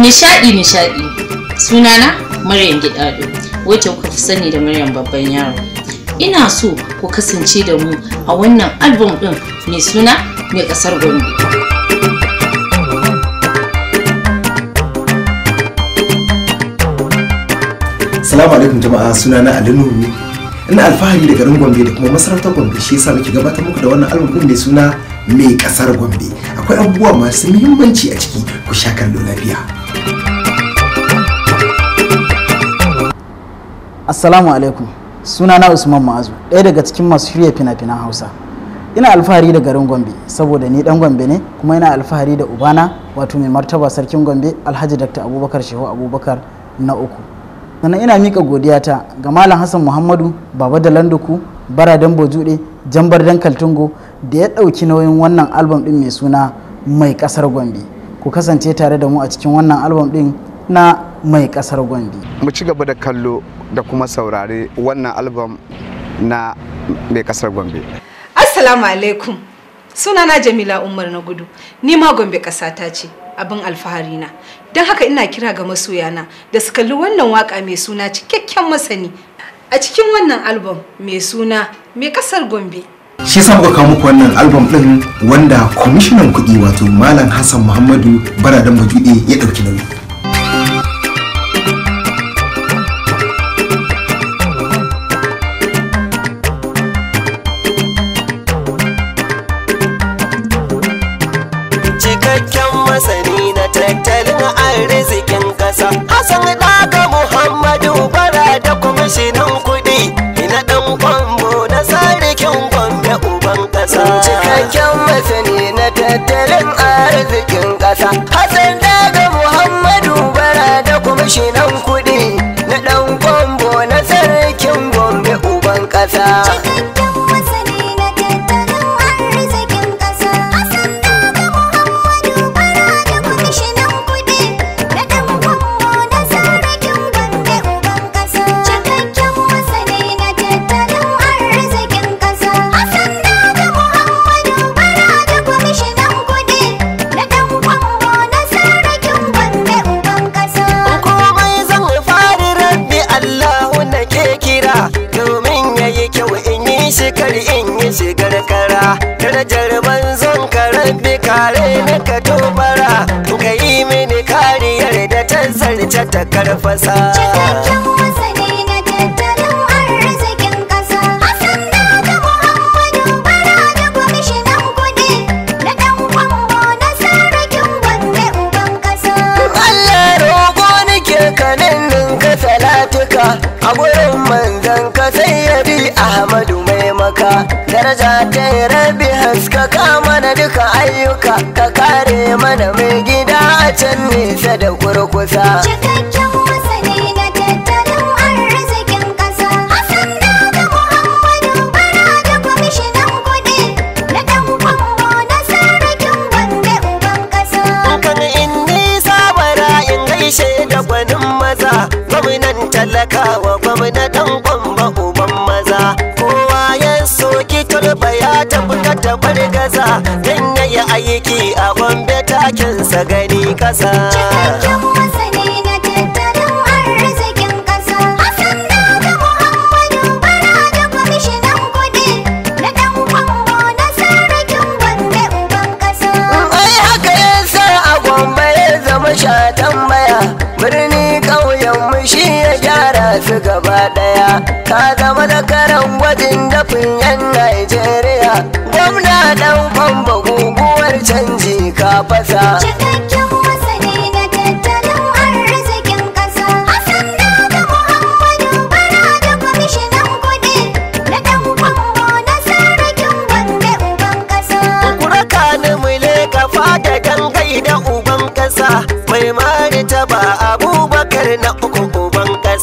nishadi nishadi sunana maryam gidado wacce kuka fi sani da maryam babban yaro ina so ku kasance da mu a wannan album din mai suna mai kasar gombe Salamu alaikum jama'a sunana Alinu ina alfahari da garin Gombe da kuma masarautar Gombe shi yasa muke gabatar muku da wannan album din mai suna mai kasar gombe akwai abubuwa masu muhimmanci a ciki ku sha kallo lafiya assalamu alaikum suna na usman ma'azu ɗaya daga cikin masu shirya fina-finan hausa ina alfahari da garin gombe saboda ni dan gombe ne kuma ina alfahari da ubana wato mai martaba sarkin gombe alhaji dr abubakar shehu abubakar na uku sannan ina mika godiyata ga malam hassan muhammadu baba da landuku bara dan bojude jambar dan kaltungo da ya ɗauki nauyin wannan albam ɗin mai suna mai ƙasar gombe ku kasance tare da mu a cikin wannan albam ɗin na mai ƙasar gombe mu ci gaba da kallo da kuma saurare wannan albam na mai ƙasar gombe assalamu alaikum sunana jamila umar na gudu ni ma gombe ƙasata ce abin alfahari na don haka ina kira ga masoyana da su kalli wannan waka mai suna cikakken masani a cikin wannan album mai suna mai ƙasar gombe shi yasa muka kawo muku wannan album din wanda kwamishinan kuɗi wato malam hassan muhammadu baradan bajuɗe ya ɗauki nauyi cikakken masani na tattalin arzikin ta karfasa cikakken masani na tattalin arzikin ƙasa hasan daga muhammadu bara da kwamishinan kudi na dan na sarakin gwamne uban ƙasa allah roƙo nake kanin ninka salatuka a gurin manzan ka sayyabi ahmadu maimaka. daraja ta yi rabi haskaka mana duka ayyuka ka kare mana mai gida a can nisa da kurkusa bisa gani kasa cikakken masani na tattalin arzikin kasa hasan daga muhammadu baraja kwamishinan kudi na dan kwambo na sarrakin gwanda uban kasa ai haka ya yasa a gwamba ya zama shatan baya birni ƙauyenmu shi ya gyara su gaba ɗaya. ka zama da gwajin dafin yan najeriya gwamna dan kwambo guguwar canji ka fasa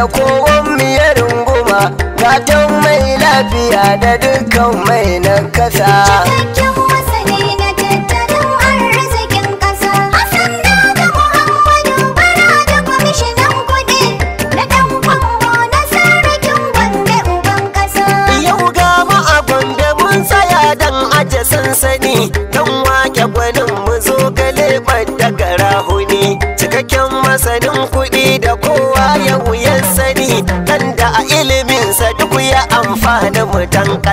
da kowon miyar goma gatan mai lafiya da dukkan mai nan kasa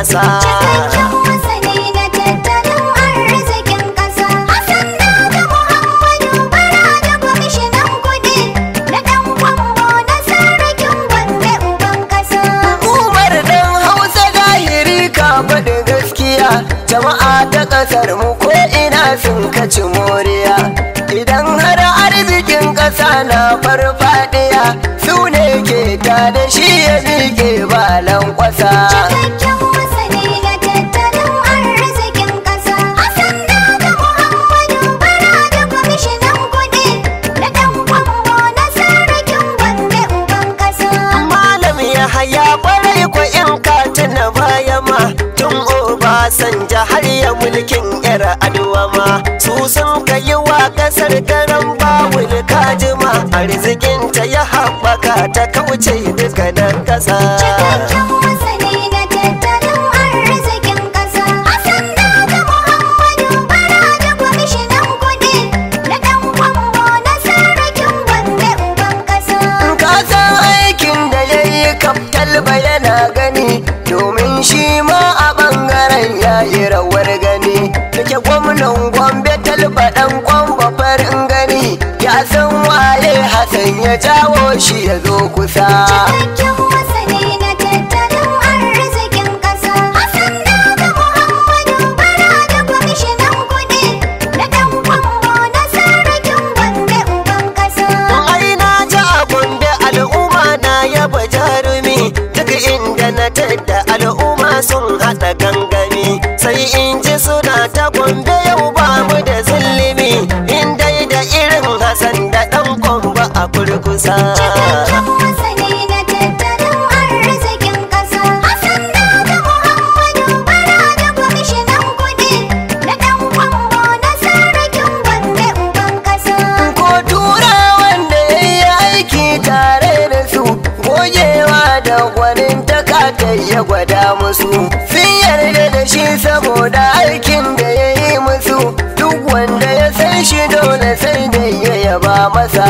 cikakken masani na tattalin arzikin ƙasa hassan da muhammadu bara da kwamishinan kudi na ɗan kwambo na sarakin gombe uban ƙasa umar dan hausa dahiri ka faɗi gaskiya jama'a ta ƙasar mu ko ina sun kaci moriya idan har arzikin ƙasa na farfaɗiya su ne ke tare shi ya miƙe balan ƙwasa daren babu kajima arzikinta ya haɓaka ta kauce duka nan ƙasa ta masa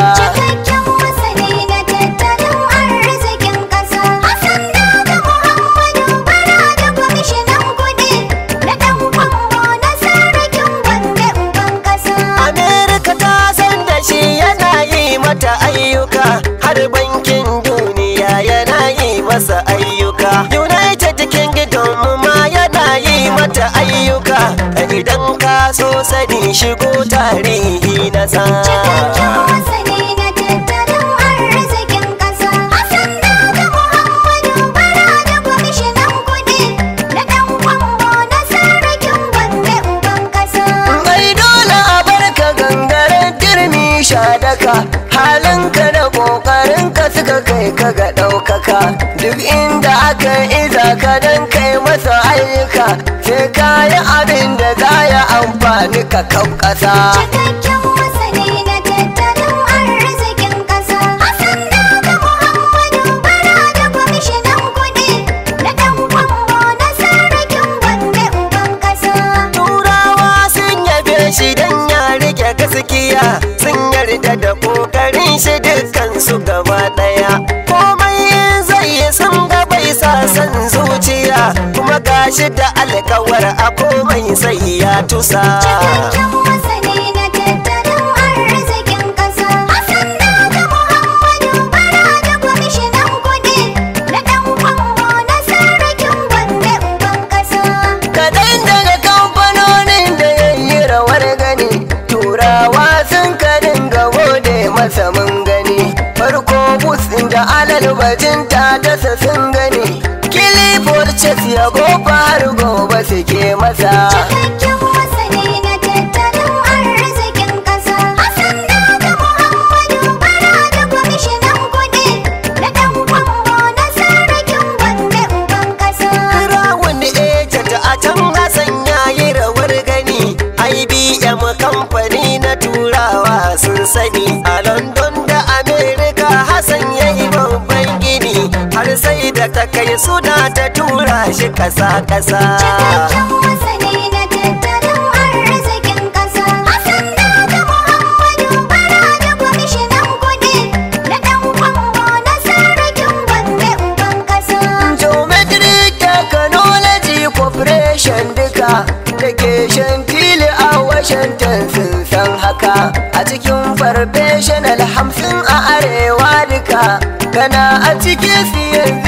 daka halinka da ƙoƙarinka suka kai ka ga ɗaukaka duk inda aka iza ka don kai masa ayyuka sai ka yi abin da za ya amfani ka kan ƙasa kunshi dukkansu gaba ɗaya komai zai san ga bai sa san zuciya kuma gashi da alkawar a komai sai ya tusa suna ta tura shi ƙasa-ƙasa cikakken masani na tattalin arzikin ƙasa hasan daga muhammadu bara da kwamishinan kudi na ɗan kwango na sarrakin gwamne uban ƙasa geometric technology corporation duka da ke shantili a washington sun san haka a cikin farfessional hamsin a arewa duka kana a cikin siyan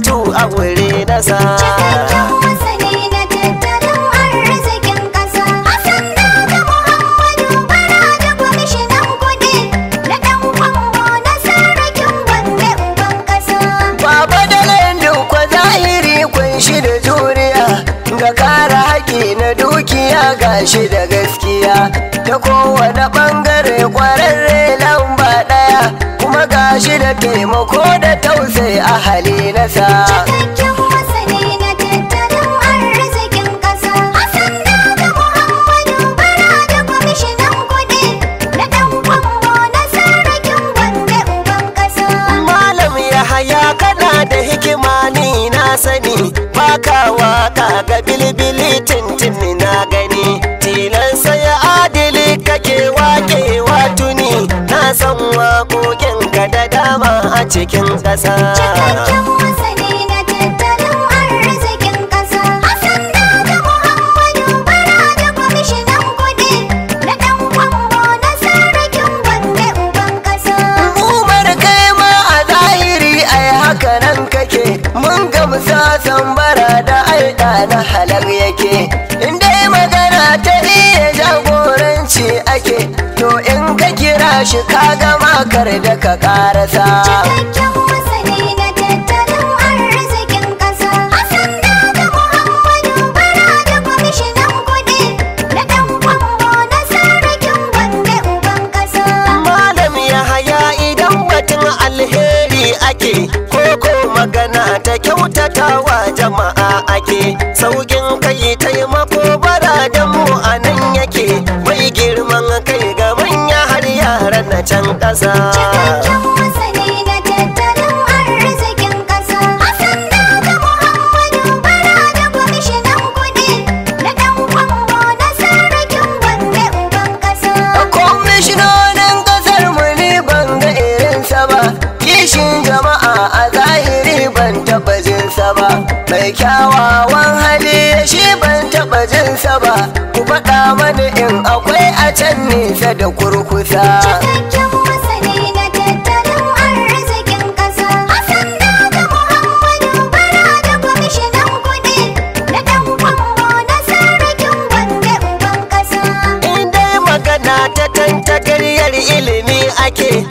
mutu a wuri nasa cikakken masani na tattalin arzikin ƙasa hassan da muhammadu faraja kwamishinan kuɗi na ɗan kwango na sarrakin gwanda uban ƙasa baba da landin kwa zahiri kunshi da juriya ga kara haƙi na dukiya gashi da gaskiya da kowa kyakkyawa ga bilibili tintin na gani tilan sai adili kake wakewa tuni na san waƙoƙin ka da dama a cikin ƙasa tashi ka gama kar da ka karasa. can ƙasa cikakken masani na tattalin arzikin ƙasa Hassan da ga Muhammadu bara da kwamishinan kuɗi na ɗan na sarrakin gombe uban ƙasa kwamishinonin ƙasar mu ni ban ga irinsa ba kishin jama'a a zahiri ban taɓa jinsa ba mai kyawawan hali shi ban taɓa jinsa ba ku faɗa mani in can nisa da kurkusa cikakken masani na tattalin arzikin ƙasa hasan daga muhammadu bara da kwamishinan kuɗi na dan kwambo na sarkin gwanda uban ƙasa in dai magana ta tantagariyar ilimi ake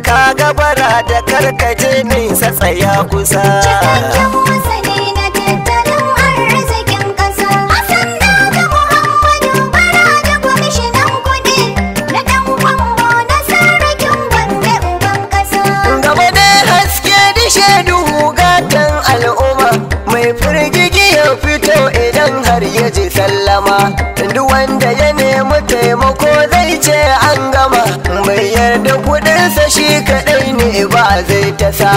da gabara da karkace nisa tsaya kusa cikakken masani na tattalin arzikin ƙasa hasan daga muhammadu bara da kwamishinan kudi na dan kwango na sarrakin gwanda uban ƙasa gaba da haske dishe duhu gatan al'umma mai firgigi ya fito idan har ya ji sallama duk wanda ya nemi taimako zai ce an gama mai yarda kudinsa shi kaɗai ne ba zai ta sa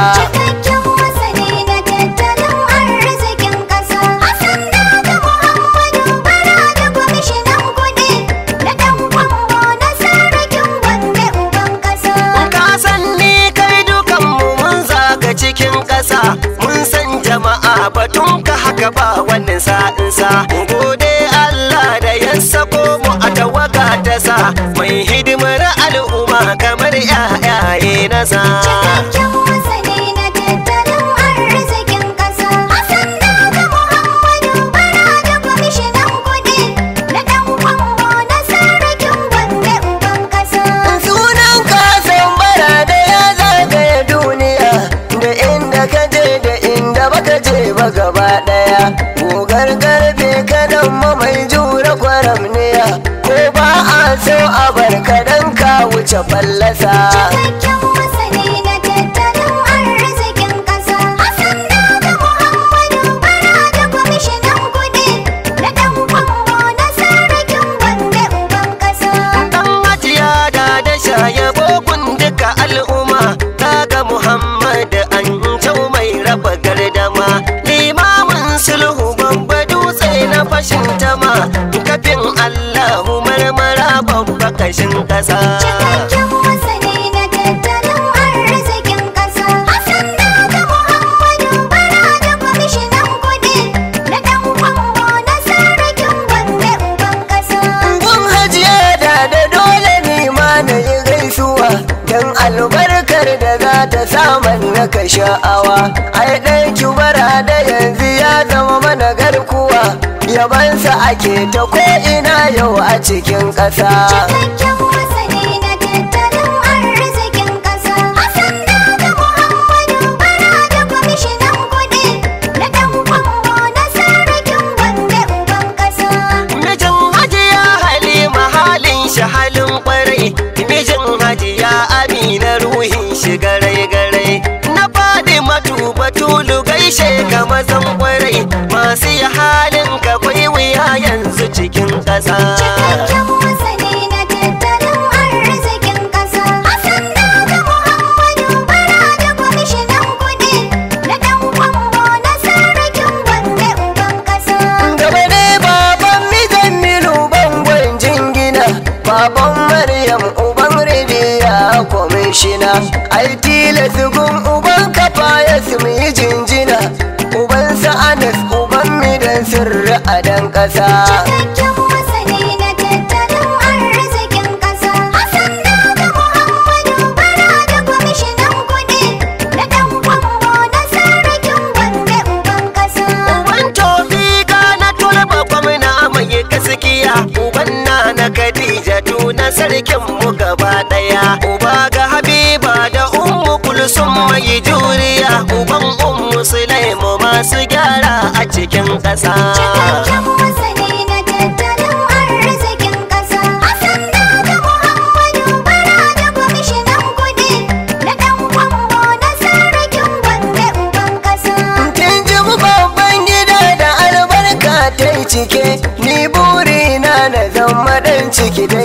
ƙasa cikakken sani na tattalin arzikin ƙasa Hassan Daga Muhammadu Baraja kwamishinan kuɗi na ɗan na sarrakin gwanda uban ƙasa sunan kasan barada ya zagaya duniya da inda ka je da inda baka je ba gaba ɗaya gogar garbe kanan mai jura kwaramniya ko ba a so a barkadan ka wuce fallasa. ƙasa cikakken masani na tattalin arzikin ƙasa hassan da da muhammadu bara da kwamishinan kuɗi na dan kwambo na sarakin gwanda uban ƙasa gun hajiya da da dole ne ma na yi gaisuwa don albarkar da za ta saman na sha'awa ai ɗanki yanzu ya zama mana garkuwa yabansa ake ta ko'ina yau a cikin ƙasa. garai garai na faɗi matu batulu gaishe ka mazan ƙasar a dan ƙasa. Cikakken masani na tattalin arzikin ƙasa. Hassan Dauda Muhammadu bara da kwamishinan kuɗi na ɗan na sarkin gwanda uban ƙasa. Uban tobi na tulba gwamna mai gaskiya. Uban na na Khadijatu na sarkin mu gaba ɗaya. Uba ga Habiba da Ummu Kulsum mai juriya. Uban masu gyara a cikin ƙasa. Cikakken masani na tattalin arzikin ƙasa. Hassan da Muhammadu bara da kwamishinan kuɗi na ɗan kwambo na sarrakin gwanda uban ƙasa. Kin ji babban gida da albarka ta cike, ni burina na zama ɗan ciki dai.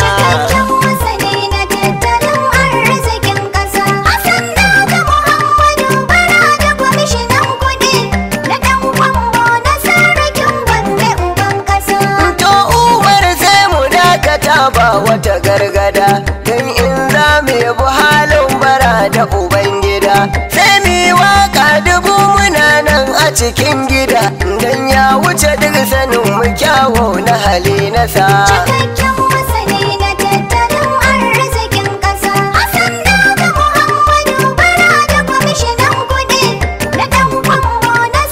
rasa masani na tattalin arzikin ƙasa hasan na da muhammadu bara da kwamishinan kuɗi na ɗan kwambo na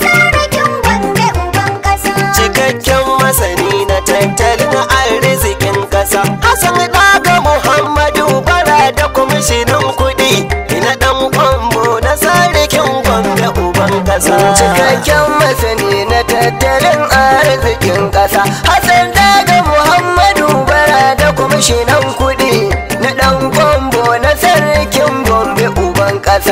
sarakin gombe uban ƙasa cikakken masani na tattalin arzikin ƙasa hasan na da muhammadu bara da kwamishinan kuɗi na ɗan kwambo na sarakin gombe uban ƙasa cikakken masani na tattalin arzikin ƙasa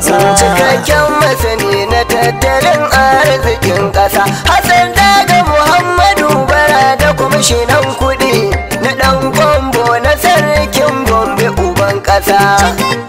ƙasa cikakken masani na tattalin arzikin ƙasa hassan daga muhammadu bara da kuma shinan kuɗi na ɗan kwambo na sarkin bombe uban ƙasa